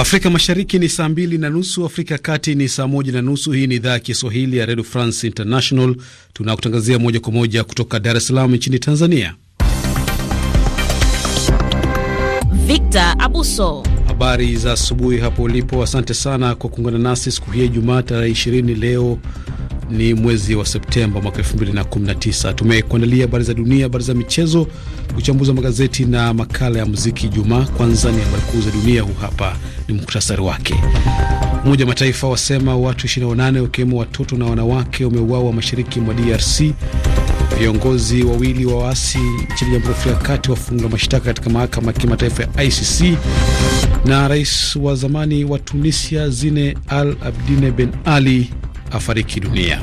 Afrika Mashariki ni saa mbili na nusu, Afrika ya Kati ni saa moja na nusu. Hii ni idhaa ya Kiswahili ya Redio France International, tunakutangazia moja kwa moja kutoka Dar es Salaam nchini Tanzania. Victor Abuso, habari za asubuhi hapo ulipo. Asante sana kwa kuungana nasi siku hii ya Jumaa tarehe 20 leo ni mwezi wa Septemba mwaka 2019. Tumekuandalia habari za dunia, habari za michezo, uchambuzi wa magazeti na makala ya muziki Jumaa. Kwanza ni habari kuu za dunia, huu hapa ni muktasari wake. Umoja wa Mataifa wasema watu 28 wakiwemo watoto na wanawake wameuawa mashariki mwa DRC. Viongozi wawili wa waasi nchini Jamhuri ya Afrika ya Kati wafunga mashtaka katika mahakama ya kimataifa ya ICC. Na rais wa zamani wa Tunisia Zine Al Abdine Ben Ali afariki dunia.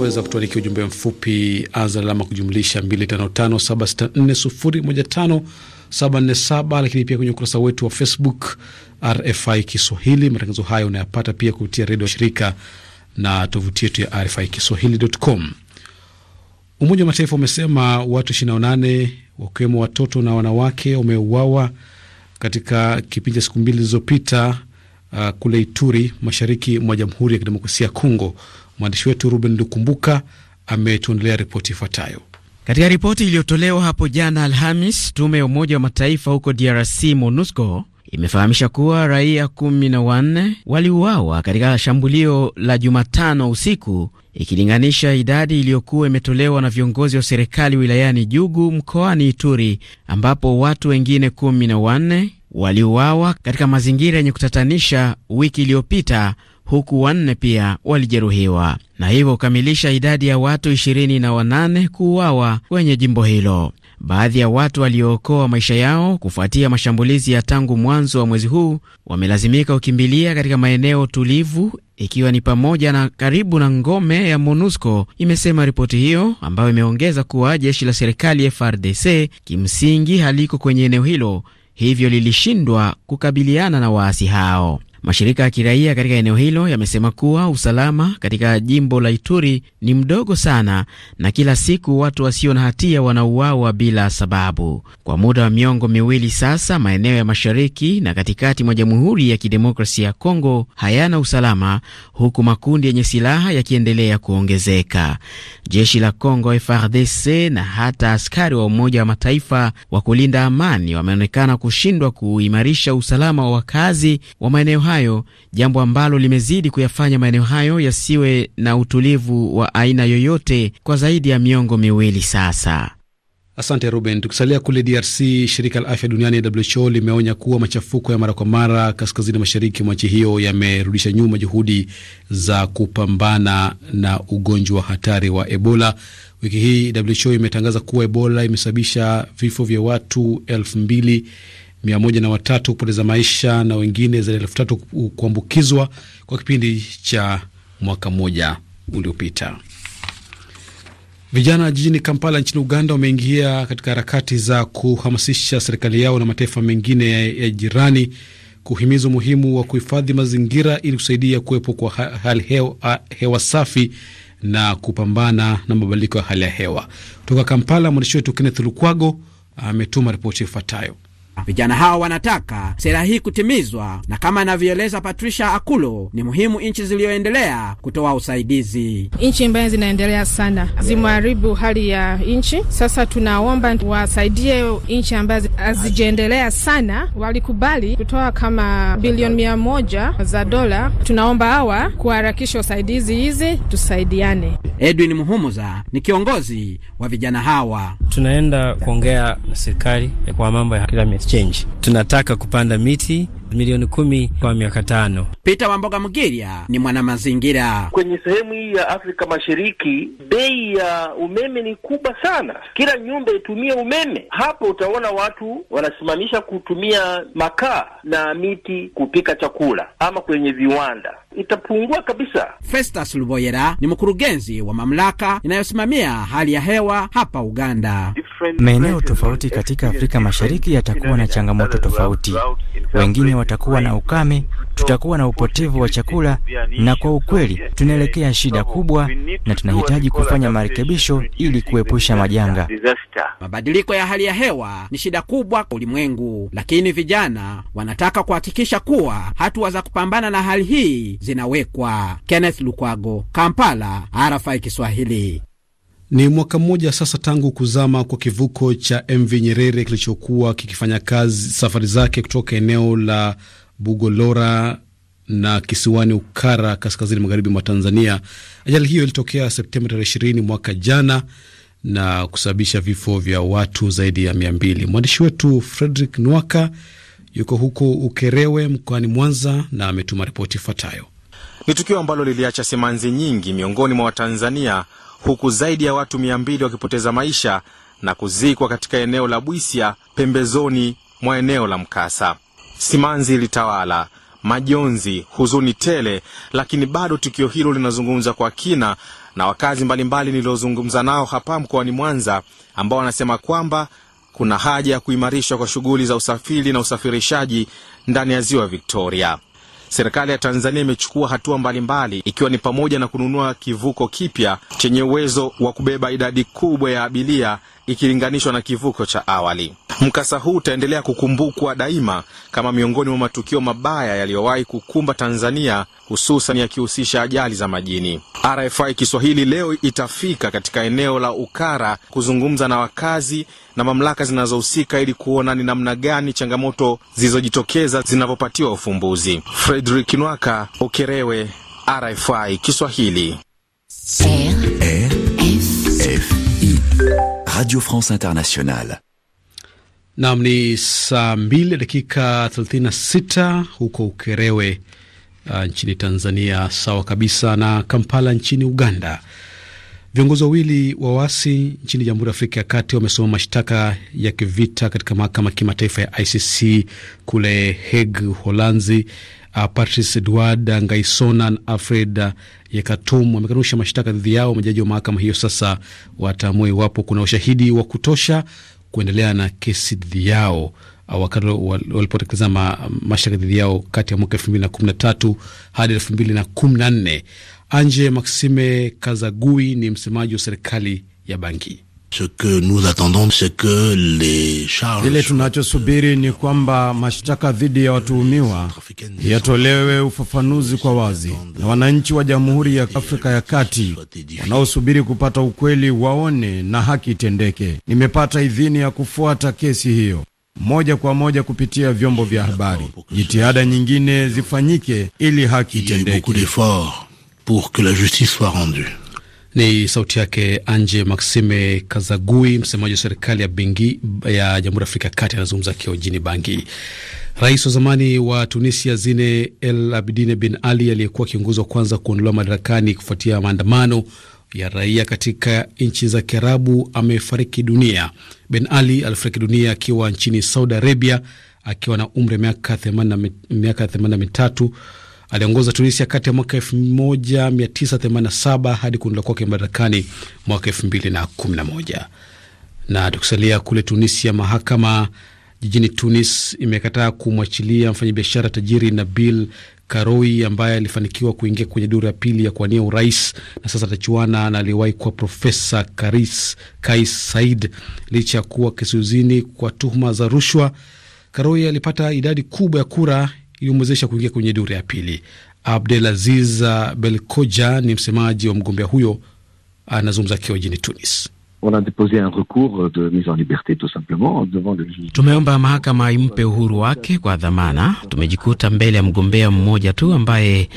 Weza kutuandikia ujumbe mfupi anza alama kujumlisha 255764015747, lakini pia kwenye ukurasa wetu wa Facebook RFI Kiswahili. Matangazo hayo unayapata pia kupitia redio shirika na tovuti yetu ya RFI Kiswahili.com. Umoja wa Mataifa umesema watu 28 wakiwemo watoto na wanawake wameuawa katika kipindi cha siku mbili zilizopita uh, kule Ituri, mashariki mwa Jamhuri ya Kidemokrasia ya Kongo. Mwandishi wetu Ruben Lukumbuka ametuendelea ripoti ifuatayo. Katika ripoti iliyotolewa hapo jana Alhamis, tume ya Umoja wa Mataifa huko DRC MONUSCO imefahamisha kuwa raia kumi na wanne waliuawa katika shambulio la Jumatano usiku ikilinganisha idadi iliyokuwa imetolewa na viongozi wa serikali wilayani Jugu mkoani Ituri, ambapo watu wengine kumi na wanne waliuawa katika mazingira yenye kutatanisha wiki iliyopita, huku wanne pia walijeruhiwa na hivyo kukamilisha idadi ya watu 28 na wanane kuuawa kwenye jimbo hilo. Baadhi ya watu waliookoa maisha yao kufuatia mashambulizi ya tangu mwanzo wa mwezi huu wamelazimika kukimbilia katika maeneo tulivu, ikiwa ni pamoja na karibu na ngome ya MONUSCO, imesema ripoti hiyo, ambayo imeongeza kuwa jeshi la serikali frdc kimsingi haliko kwenye eneo hilo, hivyo lilishindwa kukabiliana na waasi hao. Mashirika ya kiraia katika eneo hilo yamesema kuwa usalama katika jimbo la Ituri ni mdogo sana na kila siku watu wasio na hatia wanauawa bila sababu. Kwa muda wa miongo miwili sasa, maeneo ya mashariki na katikati mwa Jamhuri ya Kidemokrasia ya Kongo hayana usalama, huku makundi yenye silaha yakiendelea kuongezeka. Jeshi la Kongo FRDC na hata askari wa Umoja wa Mataifa wa kulinda amani wameonekana kushindwa kuimarisha usalama wa wakazi wa maeneo hayo, jambo ambalo limezidi kuyafanya maeneo hayo yasiwe na utulivu wa aina yoyote kwa zaidi ya miongo miwili sasa. Asante Ruben. Tukisalia kule DRC, shirika la afya duniani WHO limeonya kuwa machafuko ya mara kwa mara kaskazini mashariki mwa nchi hiyo yamerudisha nyuma juhudi za kupambana na ugonjwa hatari wa Ebola. Wiki hii WHO imetangaza kuwa Ebola imesababisha vifo vya watu elfu mbili mia moja na watatu kupoteza maisha na wengine zaidi ya elfu tatu kuambukizwa kwa kipindi cha mwaka mmoja uliopita. Vijana jijini Kampala nchini Uganda wameingia katika harakati za kuhamasisha serikali yao na mataifa mengine ya, ya jirani kuhimiza umuhimu wa kuhifadhi mazingira ili kusaidia kuwepo kwa hali hewa, hewa safi na kupambana na mabadiliko ya hali ya hewa. Kutoka Kampala, mwandishi wetu Kenneth Lukwago ametuma ripoti ifuatayo. Vijana hao wanataka sera hii kutimizwa, na kama anavyoeleza Patricia Akulo, ni muhimu nchi ziliyoendelea kutoa usaidizi. Nchi ambayo zinaendelea sana zimeharibu hali ya nchi. Sasa tunaomba wasaidie nchi ambazo hazijaendelea sana, walikubali kutoa kama bilioni mia moja za dola. Tunaomba hawa kuharakisha usaidizi hizi, tusaidiane. Edwin Muhumuza ni kiongozi wa vijana hawa. Tunaenda kuongea na serikali kwa mambo ya kila change. Tunataka kupanda miti milioni kumi kwa miaka tano. Peter Wamboga Mgeria ni mwanamazingira. Kwenye sehemu hii ya Afrika Mashariki, bei ya umeme ni kubwa sana, kila nyumba itumie umeme. Hapo utaona watu wanasimamisha kutumia makaa na miti kupika chakula ama kwenye viwanda, itapungua kabisa. Festus Luboyera ni mkurugenzi wa mamlaka inayosimamia hali ya hewa hapa Uganda. Maeneo tofauti katika Afrika Mashariki yatakuwa na changamoto tofauti. Wengine watakuwa na ukame, tutakuwa na upotevu wa chakula, na kwa ukweli tunaelekea shida kubwa, na tunahitaji kufanya marekebisho ili kuepusha majanga. Mabadiliko ya hali ya hewa ni shida kubwa kwa ulimwengu, lakini vijana wanataka kuhakikisha kuwa hatua za kupambana na hali hii zinawekwa. Kenneth Lukwago, Kampala, RFI Kiswahili. Ni mwaka mmoja sasa tangu kuzama kwa kivuko cha MV Nyerere kilichokuwa kikifanya kazi safari zake kutoka eneo la Bugolora na kisiwani Ukara kaskazini magharibi mwa Tanzania. Ajali hiyo ilitokea Septemba tarehe ishirini mwaka jana na kusababisha vifo vya watu zaidi ya mia mbili. Mwandishi wetu Fredrick Nwaka yuko huko Ukerewe mkoani Mwanza na ametuma ripoti ifuatayo. Ni tukio ambalo liliacha simanzi nyingi miongoni mwa Watanzania huku zaidi ya watu mia mbili wakipoteza maisha na kuzikwa katika eneo la Bwisia pembezoni mwa eneo la mkasa. Simanzi ilitawala, majonzi, huzuni tele, lakini bado tukio hilo linazungumza kwa kina na wakazi mbalimbali niliozungumza nao hapa mkoani Mwanza, ambao wanasema kwamba kuna haja ya kuimarishwa kwa shughuli za usafiri na usafirishaji ndani ya ziwa Victoria. Serikali ya Tanzania imechukua hatua mbalimbali ikiwa ni pamoja na kununua kivuko kipya chenye uwezo wa kubeba idadi kubwa ya abiria ikilinganishwa na kivuko cha awali. Mkasa huu utaendelea kukumbukwa daima kama miongoni mwa matukio mabaya yaliyowahi kukumba Tanzania, hususan yakihusisha ajali za majini. RFI Kiswahili leo itafika katika eneo la Ukara kuzungumza na wakazi na mamlaka zinazohusika ili kuona ni namna gani changamoto zilizojitokeza zinavyopatiwa ufumbuzi. Fredrick Nwaka, Ukerewe, RFI Kiswahili. RFI Radio France Internationale. Nam ni saa mbili dakika 36 huko Ukerewe uh, nchini Tanzania, sawa kabisa na Kampala nchini Uganda. Viongozi wawili wa waasi nchini Jamhuri ya Afrika ya Kati wamesoma mashtaka ya kivita katika mahakama ya kimataifa ya ICC kule Hague, Holanzi. Uh, Patrice Edward Ngaisona na Alfred ya Khartoum amekanusha mashtaka dhidi yao. Majaji wa mahakama hiyo sasa wataamua iwapo kuna ushahidi wa kutosha kuendelea na kesi dhidi yao wakati walipotekeleza mashtaka dhidi yao kati ya mwaka elfu mbili na kumi na tatu hadi elfu mbili na kumi na nne. Anje Maxime Kazagui ni msemaji wa serikali ya Bangui. Kile tunachosubiri ni kwamba mashtaka dhidi ya watuhumiwa yatolewe ufafanuzi kwa wazi, na wananchi wa Jamhuri ya Afrika ya Kati wanaosubiri kupata ukweli waone na haki itendeke. Nimepata idhini ya kufuata kesi hiyo moja kwa moja kupitia vyombo vya habari. Jitihada nyingine zifanyike ili haki itendeke. Ni sauti yake Anje Maxime Kazagui, msemaji wa serikali ya Bengi ya Jamhuri ya Afrika Kati, anazungumza akiwa jijini Bangi. Rais wa zamani wa Tunisia Zine El Abidine Bin Ali aliyekuwa kiongozi wa kwanza kuondolewa madarakani kufuatia maandamano ya raia katika nchi za Kiarabu amefariki dunia. Ben Ali alifariki dunia akiwa nchini Saudi Arabia akiwa na umri miaka 83. mitatu. Aliongoza Tunisia kati ya mwaka 1987 hadi kuondolewa kwake madarakani mwaka 2011. Na na tukisalia kule Tunisia, mahakama jijini Tunis imekataa kumwachilia mfanyabiashara tajiri Nabil Karoi ambaye alifanikiwa kuingia kwenye duru ya pili ya kuwania urais na sasa atachuana na aliyewahi kuwa Profesa Karis Kais Said licha ya kuwa kizuizini kwa tuhuma za rushwa. Karoi alipata idadi kubwa ya kura ilimwezesha kuingia kwenye duru ya pili. Abdelaziz Belkoja ni msemaji wa mgombea huyo, anazungumza akiwa jini Tunis on a déposé un recours de mise en liberté tout simplement devant le juge. Tumeomba mahakama impe uhuru wake kwa dhamana. Tumejikuta mbele ya mgombea mmoja tu ambaye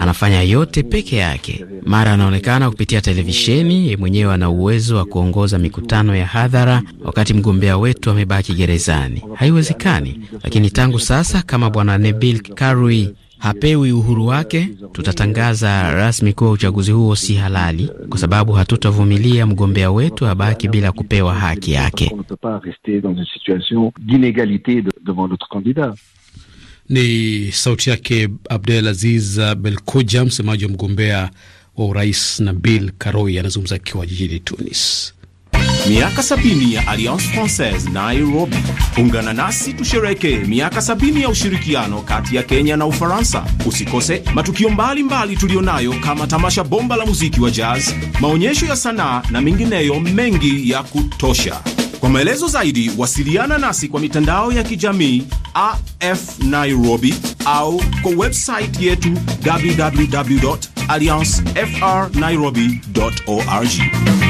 anafanya yote peke yake. Mara anaonekana kupitia televisheni, yeye mwenyewe ana uwezo wa kuongoza mikutano ya hadhara, wakati mgombea wetu amebaki gerezani. Haiwezekani. Lakini tangu sasa, kama bwana Nebil Karui hapewi uhuru wake, tutatangaza rasmi kuwa uchaguzi huo si halali, kwa sababu hatutavumilia mgombea wetu abaki bila kupewa haki yake. Ni sauti yake Abdel Aziz Belkoja, msemaji wa mgombea wa urais Nabil Karoui, anazungumza akiwa jijini Tunis. Miaka sabini ya Alliance Francaise Nairobi. Ungana nasi tusherekee miaka sabini ya ushirikiano kati ya Kenya na Ufaransa. Usikose matukio mbalimbali tuliyonayo kama tamasha bomba la muziki wa jazz, maonyesho ya sanaa na mengineyo mengi ya kutosha. Kwa maelezo zaidi wasiliana nasi kwa mitandao ya kijamii AF Nairobi au kwa website yetu www.alliancefrnairobi.org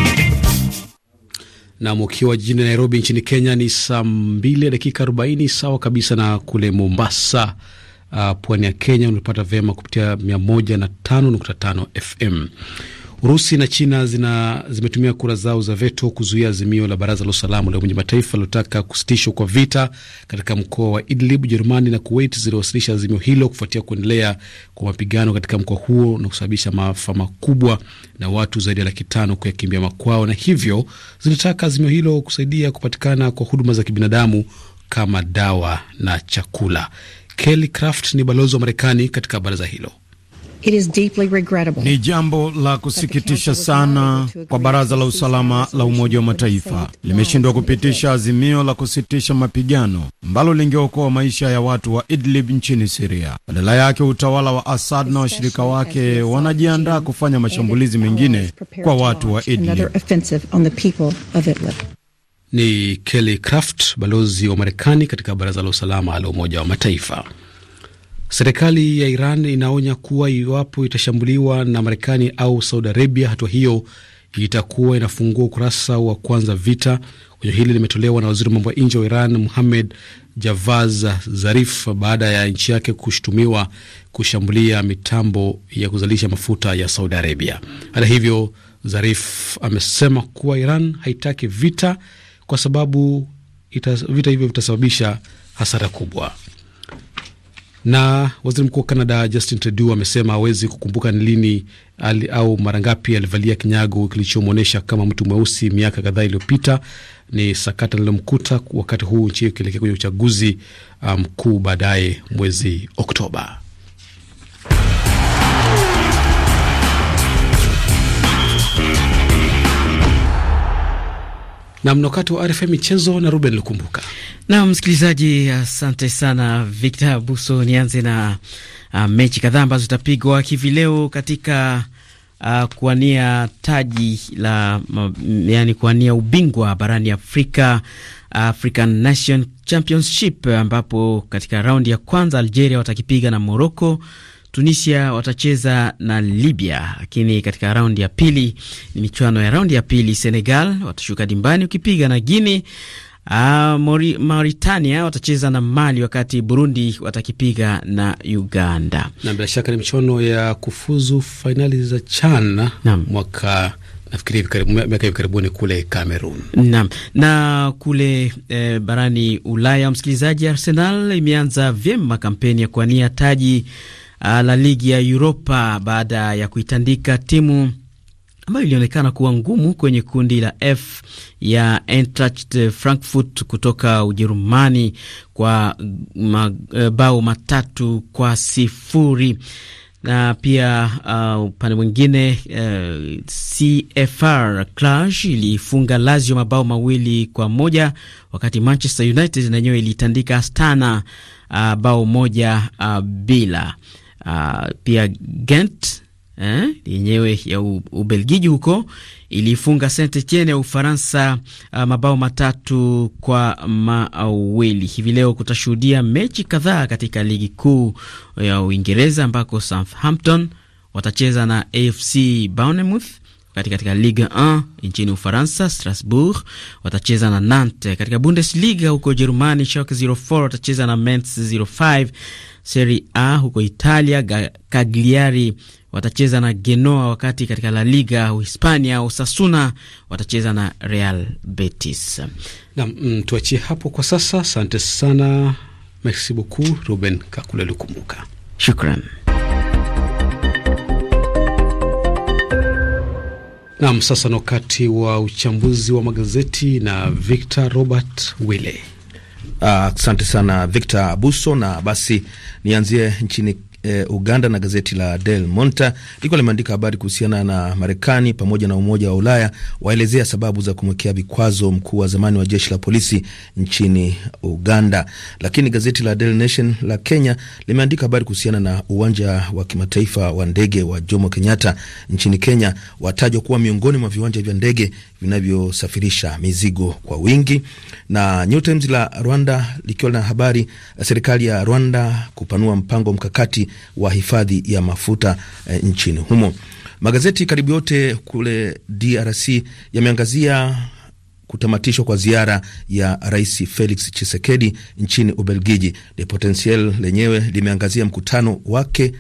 na mkiwa jijini Nairobi nchini Kenya ni saa mbili dakika arobaini sawa kabisa na kule Mombasa, uh, pwani ya Kenya unapata vyema kupitia mia moja na tano nukta tano FM. Urusi na China zina, zimetumia kura zao za veto kuzuia azimio la baraza la usalama la Umoja Mataifa lilotaka kusitishwa kwa vita katika mkoa wa Idlib. Ujerumani na Kuwait ziliwasilisha azimio hilo kufuatia kuendelea kwa mapigano katika mkoa huo na kusababisha maafa makubwa na watu zaidi ya laki tano kuyakimbia makwao, na hivyo zilitaka azimio hilo kusaidia kupatikana kwa huduma za kibinadamu kama dawa na chakula. Kelly Craft ni balozi wa Marekani katika baraza hilo. It is deeply regrettable. Ni jambo la kusikitisha sana kwa Baraza la Usalama la Umoja wa Mataifa limeshindwa kupitisha azimio la kusitisha mapigano ambalo lingeokoa maisha ya watu wa Idlib nchini Siria. Badala yake, utawala wa Assad na washirika wake wanajiandaa kufanya mashambulizi mengine kwa watu wa Idlib. Ni Kelly Craft, balozi wa Marekani katika Baraza la Usalama la Umoja wa Mataifa. Serikali ya Iran inaonya kuwa iwapo itashambuliwa na Marekani au Saudi Arabia, hatua hiyo itakuwa inafungua ukurasa wa kwanza vita. Onyo hili limetolewa na waziri wa mambo ya nje wa Iran Muhamed Javaz Zarif baada ya nchi yake kushutumiwa kushambulia mitambo ya kuzalisha mafuta ya Saudi Arabia. Hata hivyo, Zarif amesema kuwa Iran haitaki vita kwa sababu ita, vita hivyo vitasababisha hasara kubwa. Na waziri mkuu wa Canada Justin Trudeau amesema hawezi kukumbuka ni lini au mara ngapi alivalia kinyago kilichomwonyesha kama mtu mweusi miaka kadhaa iliyopita. Ni sakata linalomkuta wakati huu nchi hiyo ikielekea kwenye uchaguzi ah, mkuu um, baadaye mwezi Oktoba. Nam, wakati wa RFM michezo na Ruben Lukumbuka. Nam msikilizaji, asante sana Victor Abuso. Nianze na uh, mechi kadhaa ambazo zitapigwa hivi leo katika uh, kuania taji la yani kuania ubingwa barani Afrika, African Nation Championship, ambapo katika raundi ya kwanza Algeria watakipiga na Morocco Tunisia watacheza na Libya, lakini katika raundi ya pili ni michuano ya raundi ya pili. Senegal watashuka dimbani ukipiga na Guini. Ah, uh, Mauritania watacheza na Mali wakati Burundi watakipiga na Uganda, na bila shaka ni michuano ya kufuzu fainali za CHAN mwaka nafikiri miaka hivi karibuni kule Cameroon. Naam, na kule e, barani Ulaya, msikilizaji, Arsenal imeanza vyema kampeni ya kuania taji Ah, la ligi ya Uropa baada ya kuitandika timu ambayo ilionekana kuwa ngumu kwenye kundi la F ya Eintracht Frankfurt kutoka Ujerumani kwa mabao eh, matatu kwa sifuri na pia ah, upande mwingine uh, eh, CFR Clash ilifunga Lazio mabao mawili kwa moja wakati Manchester United na ilitandika Astana uh, bao moja uh, bila Uh, pia Gent eh, yenyewe ya Ubelgiji huko iliifunga Saint Etienne ya Ufaransa uh, mabao matatu kwa mawili. Hivi leo kutashuhudia mechi kadhaa katika ligi kuu ya Uingereza ambako Southampton watacheza na AFC Bournemouth kati katika Liga 1 nchini Ufaransa, Strasbourg watacheza na Nantes. Katika Bundesliga huko Ujerumani, Schalke 04 watacheza na Mainz 05. Serie A huko Italia, Cagliari watacheza na Genoa, wakati katika La Liga Uhispania, Osasuna watacheza na Real Betis. Nam mm, tuachie hapo kwa sasa. Asante sana, merci beaucoup Ruben Kakule shukran. Nam, sasa ni wakati wa uchambuzi wa magazeti na Victor Robert Wille. Ah, asante uh, sana Victor Abuso, na basi nianzie nchini eh, Uganda na gazeti la Del Monta liko limeandika habari kuhusiana na Marekani pamoja na Umoja wa Ulaya waelezea sababu za kumwekea vikwazo mkuu wa zamani wa jeshi la polisi nchini Uganda. Lakini gazeti la Del Nation la Kenya limeandika habari kuhusiana na uwanja wa kimataifa wa ndege wa Jomo Kenyatta nchini Kenya watajwa kuwa miongoni mwa viwanja vya ndege vinavyosafirisha mizigo kwa wingi. Na New Times la Rwanda likiwa na habari serikali ya Rwanda kupanua mpango mkakati wa hifadhi ya mafuta e, nchini humo. Magazeti karibu yote kule DRC yameangazia kutamatishwa kwa ziara ya Rais Felix Tshisekedi nchini Ubelgiji. Le Potentiel lenyewe limeangazia mkutano wake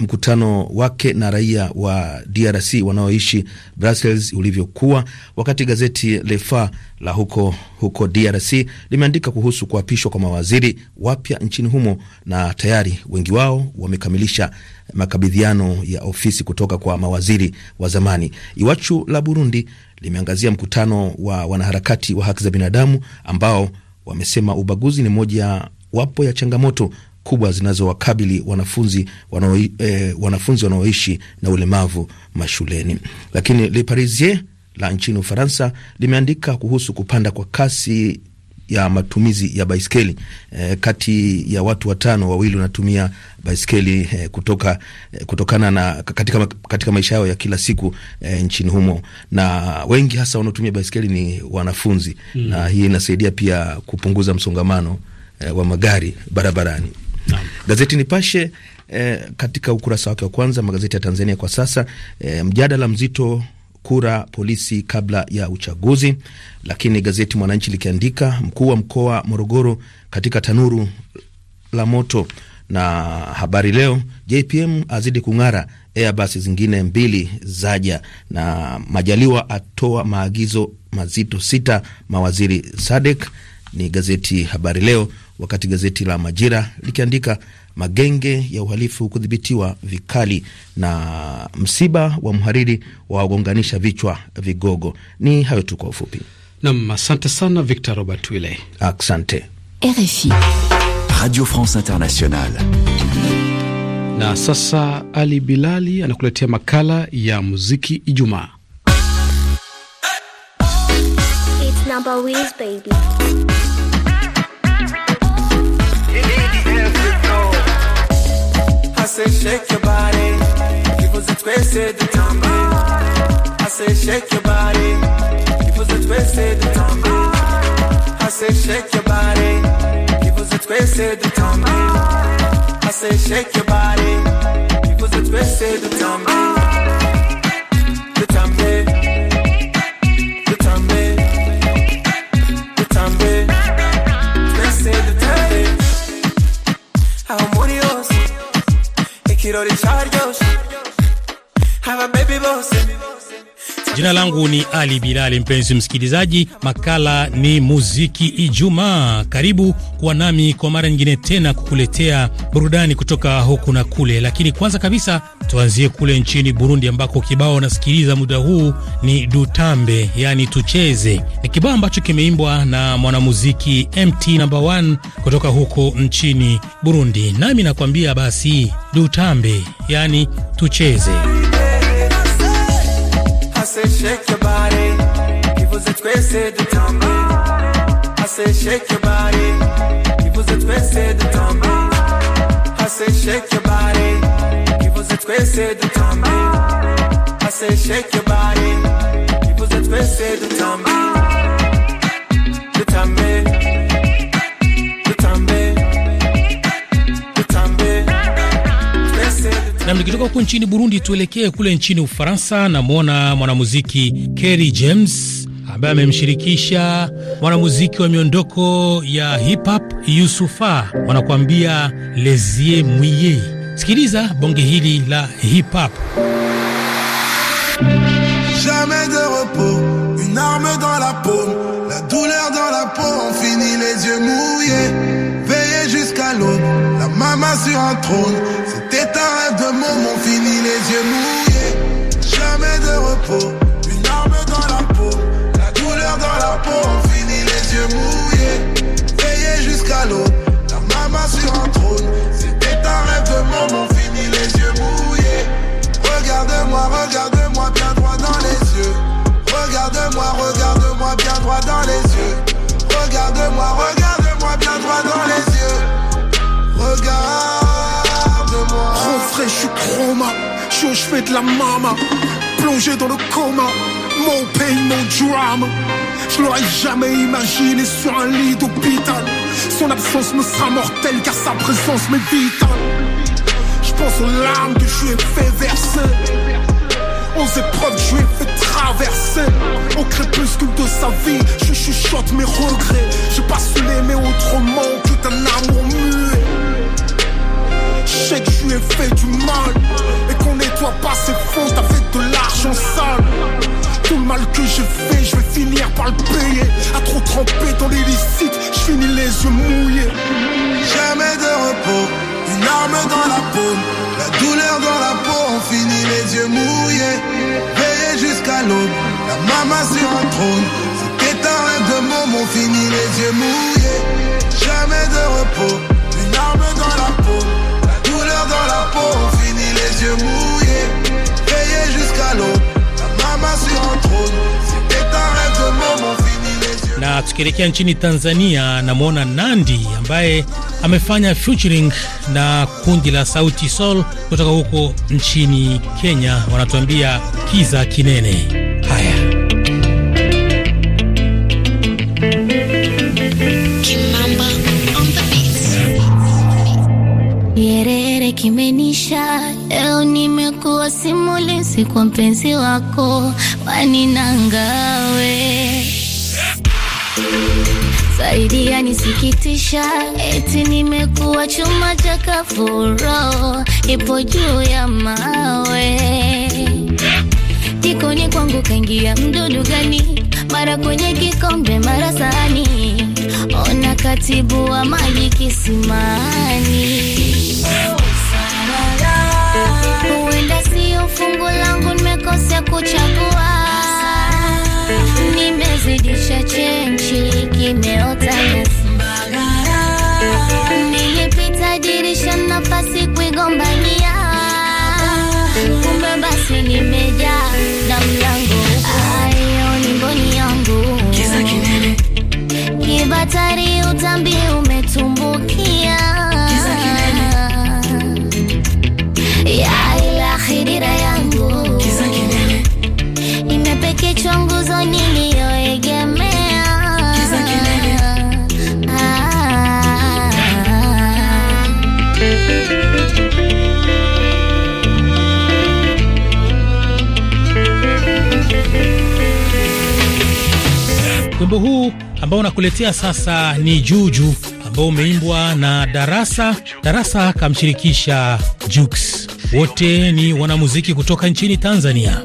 mkutano wake na raia wa DRC wanaoishi Brussels ulivyokuwa, wakati gazeti Lefa la huko, huko DRC limeandika kuhusu kuapishwa kwa mawaziri wapya nchini humo, na tayari wengi wao wamekamilisha makabidhiano ya ofisi kutoka kwa mawaziri wa zamani. Iwachu la Burundi limeangazia mkutano wa wanaharakati wa haki za binadamu ambao wamesema ubaguzi ni moja wapo ya changamoto kubwa zinazowakabili wanafunzi wanao, eh, wanafunzi wanaoishi na ulemavu mashuleni. Lakini Le Parisien la nchini Ufaransa limeandika kuhusu kupanda kwa kasi ya matumizi ya baiskeli e, kati ya watu watano wawili wanatumia baiskeli e, kutoka, e, kutokana na katika, katika maisha yao ya kila siku e, nchini humo, na wengi hasa wanaotumia baiskeli ni wanafunzi mm. Na hii inasaidia pia kupunguza msongamano e, wa magari barabarani. Gazeti Nipashe eh, katika ukurasa wake wa kwanza, magazeti ya Tanzania kwa sasa eh, mjadala mzito kura polisi kabla ya uchaguzi. Lakini gazeti Mwananchi likiandika mkuu wa mkoa Morogoro katika tanuru la moto, na habari leo JPM azidi kung'ara, Airbus zingine mbili zaja, na Majaliwa atoa maagizo mazito sita mawaziri Sadek. Ni gazeti Habari Leo wakati gazeti la Majira likiandika magenge ya uhalifu kudhibitiwa vikali na msiba wa mhariri wagonganisha vichwa vigogo. Ni hayo tu kwa ufupi. Nam, asante sana Victor Robert Wile. Asante RFI Radio France Internationale. Na sasa Ali Bilali anakuletea makala ya muziki Ijumaa. say shake your body ivuze the dutambe I say shake your body ivuze the dutambe I say shake your body ivuze the dutambe I say shake your body the twese The dutambe quiero am yo. Have a baby boss. Jina langu ni Ali Bilali. Mpenzi msikilizaji, makala ni muziki Ijumaa. Karibu kuwa nami kwa mara nyingine tena kukuletea burudani kutoka huku na kule, lakini kwanza kabisa tuanzie kule nchini Burundi ambako kibao unasikiliza muda huu ni Dutambe, yani tucheze. Ni kibao ambacho kimeimbwa na mwanamuziki MT number 1 kutoka huko nchini Burundi, nami nakwambia basi, Dutambe, yani tucheze. say, shake your body ivuze twese dutambe I say, shake your body ivuze twese dutambe I say, shake your body ivuze twese dutambe I say, shake your body ivuze twese dutambe huko nchini Burundi, tuelekee kule nchini Ufaransa. Namwona mwanamuziki Kery James ambaye amemshirikisha mwanamuziki wa miondoko ya hip hop Yusufa, wanakuambia lesie mwiye. Sikiliza bonge hili la hip hop. Jamais de repos, une arme dans la paume, la douleur dans la peau, on finit les yeux mouillés, jusqu'à l'aube, la sur un trône, c'était de moments fini les yeux mouillés. Jamais de repos, une arme dans la peau. La douleur dans la peau, on finit les yeux mouillés. Veillé jusqu'à l'eau, la maman sur un trône. C'était un rêve de moments finis les yeux mouillés. Regarde-moi, regarde moi Je suis au chevet de la maman, plongé dans le coma. Mon pain, mon drame. Je l'aurais jamais imaginé sur un lit d'hôpital. Son absence me sera mortelle car sa présence m'est vitale. Je pense aux larmes que je lui ai fait verser. Aux épreuves que je lui ai fait traverser. Au crépuscule de sa vie, je chuchote mes regrets. J'ai pas su l'aimer autrement que d'un amour je sais que je lui fait du mal Et qu'on nettoie pas ses T'as fait de l'argent sale Tout le mal que j'ai fait, je vais finir par le payer À trop tremper dans l'illicite, je finis les yeux mouillés Jamais de repos, une arme dans la paume La douleur dans la peau, on finit les yeux mouillés Et jusqu'à l'aube, la maman sur un trône C'était un rêve de môme, on finit les yeux mouillés Jamais de repos Na tukielekea nchini Tanzania, namwona Nandi ambaye amefanya featuring na kundi la Sauti Sol kutoka huko nchini Kenya, wanatuambia kiza kinene. Haya. kimenisha, leo nimekuwa simulizi kwa mpenzi wako amani na ngawe zaidi ya nisikitisha, eti nimekuwa chuma cha kafuro, ipo juu ya mawe. Jikoni kwangu kaingia mdudu gani? Mara kwenye kikombe, mara sahani, ona katibu wa maji kisimani. Huenda sio fungu langu ya kuchagua, nimezidisha chenchi kimeota nilipita dirisha nafasi kuigombania, kumbe basi nimejaa na mlango ayo nimboni yangu kibatari utambi Wimbo huu ambao unakuletea sasa ni Juju ambao umeimbwa na Darasa. Darasa akamshirikisha Jux, wote ni wanamuziki kutoka nchini Tanzania.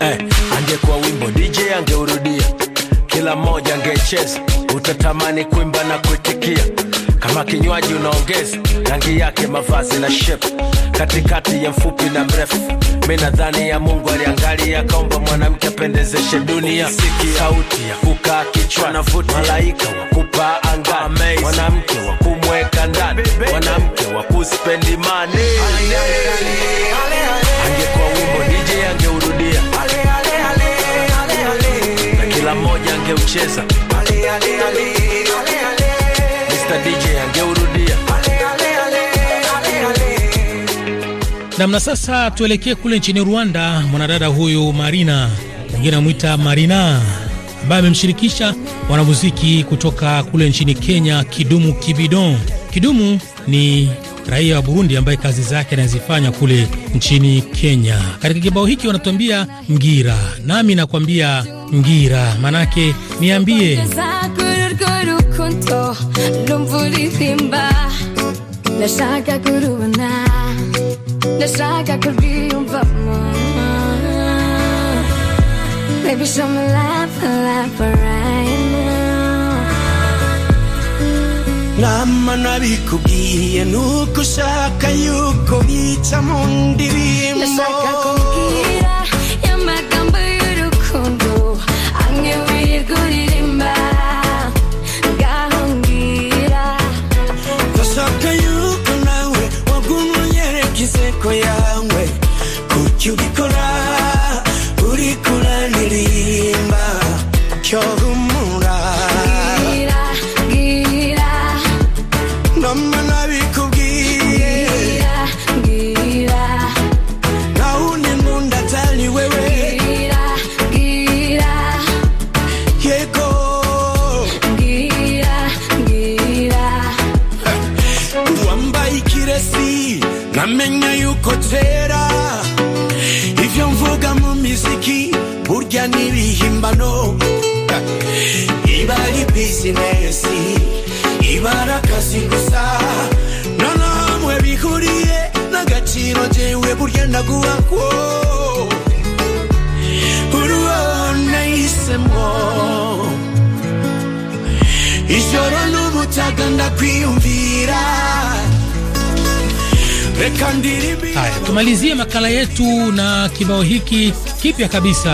Eh, Kila mmoja angecheza, utatamani kuimba na kuitikia. Kama kinywaji unaongeza rangi yake, mavazi na shepu katikati ya mfupi na mrefu. Mi nadhani ya Mungu aliangalia akaomba mwanamke apendezeshe dunia. sauti ya kukaa kichwa, navuta malaika wa kupaa anga, mwanamke wa kumweka ndani, mwanamke wa kuspendi mani. wimbo angeurudia na kila moja angeucheza Namna sasa, tuelekee kule nchini Rwanda. Mwanadada huyu Marina, wengine anamwita Marina, ambaye amemshirikisha mwanamuziki kutoka kule nchini Kenya, Kidumu Kibidon. Kidumu ni raia wa Burundi ambaye kazi zake anazifanya kule nchini Kenya. Katika kibao hiki wanatuambia ngira, nami nakwambia ngira, manake niambie Looks like I could be your show me love, love, right now. Nama nabikubwiye nuko ushaka yuko bica mu ndirimbo digo. ibihimbano iba ari bizinesi iba ari akazi gusa noneho mwe bihuriye n'agaciro jewe burya ndaguha ko nahisemo ijoro n'umutaga ndakwiyumvira Haya, tumalizie makala yetu na kibao hiki kipya kabisa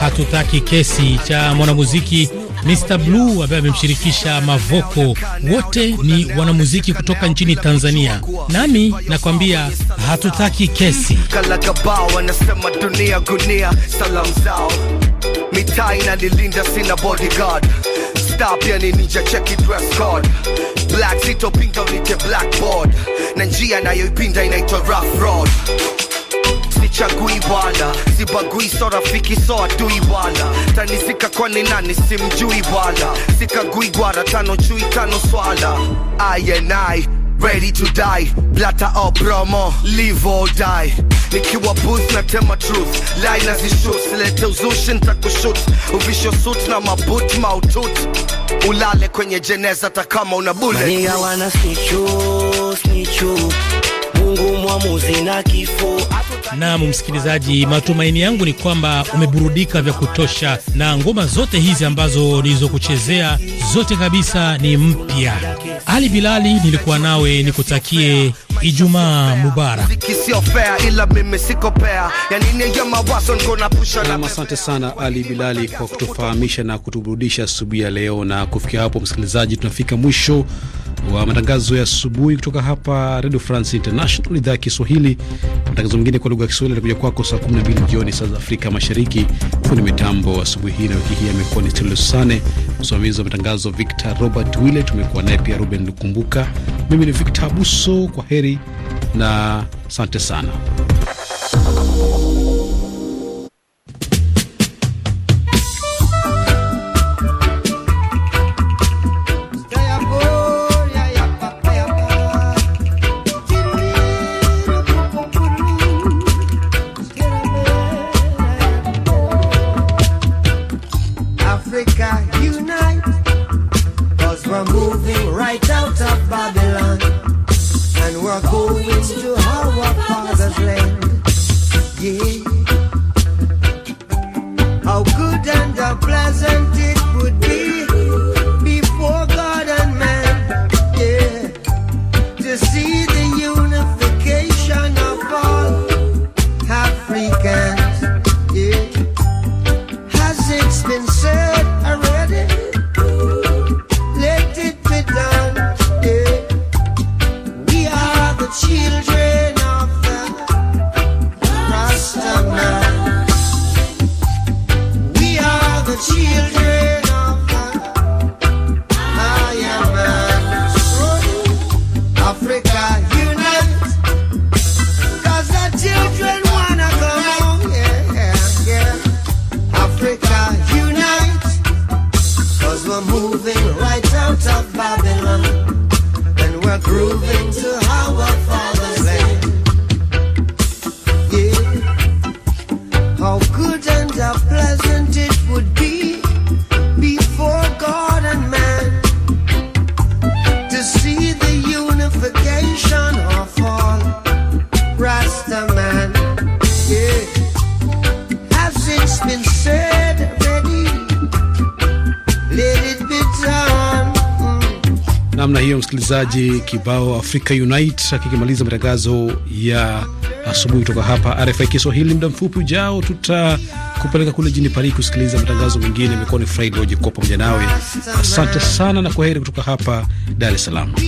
hatutaki kesi cha mwanamuziki Mr Blue ambaye amemshirikisha Mavoko. Wote ni wanamuziki kutoka nchini Tanzania, nami nakwambia hatutaki kesi. Kalakabao wanasema dunia gunia, salamu zao mitaa inanilinda, sina bodyguard dress code black, unite blackboard na njia nayoipinda inaitwa rough road chagui bwana, sibagui so rafiki so adui bwana, tanisika kwani nani simjui bwana, sikagui gwara tano chui tano swala, I and I ready to die blata au promo live or die nikiwa booth na tema truth line as azishut lete uzushi ntakushut uvisho suit na mabut mautut ulale kwenye jeneza takama una wana snichu, oh, snichu, oh. mungu mwamuzi na kifu. Nam msikilizaji, matumaini yangu ni kwamba umeburudika vya kutosha na ngoma zote hizi ambazo nilizokuchezea zote kabisa ni mpya. Ali Bilali nilikuwa nawe, nikutakie Ijumaa mubarak. asante sana Ali Bilali kwa kutufahamisha na kutuburudisha asubuhi ya leo. Na kufikia hapo, msikilizaji, tunafika mwisho wa matangazo ya asubuhi kutoka hapa Radio France International, idhaa ya Kiswahili. Matangazo mengine kwa lugha ya Kiswahili yatakuja kwako saa 12 jioni saa za Afrika Mashariki. Kuna mitambo asubuhi hii na wiki hii amekuwa ni Telusane, msimamizi wa matangazo Victor Robert Wille, tumekuwa naye pia Ruben Lukumbuka. Mimi ni Victor Abuso, kwa heri na asante sana. msikilizaji, kibao Africa Unite akikimaliza matangazo ya asubuhi kutoka hapa RFI Kiswahili. Muda mfupi ujao, tutakupeleka kule jini Paris kusikiliza matangazo mengine. Imekuwa ni Friday Loji kuwa pamoja nawe. Asante sana na kwa heri kutoka hapa Dar es Salaam.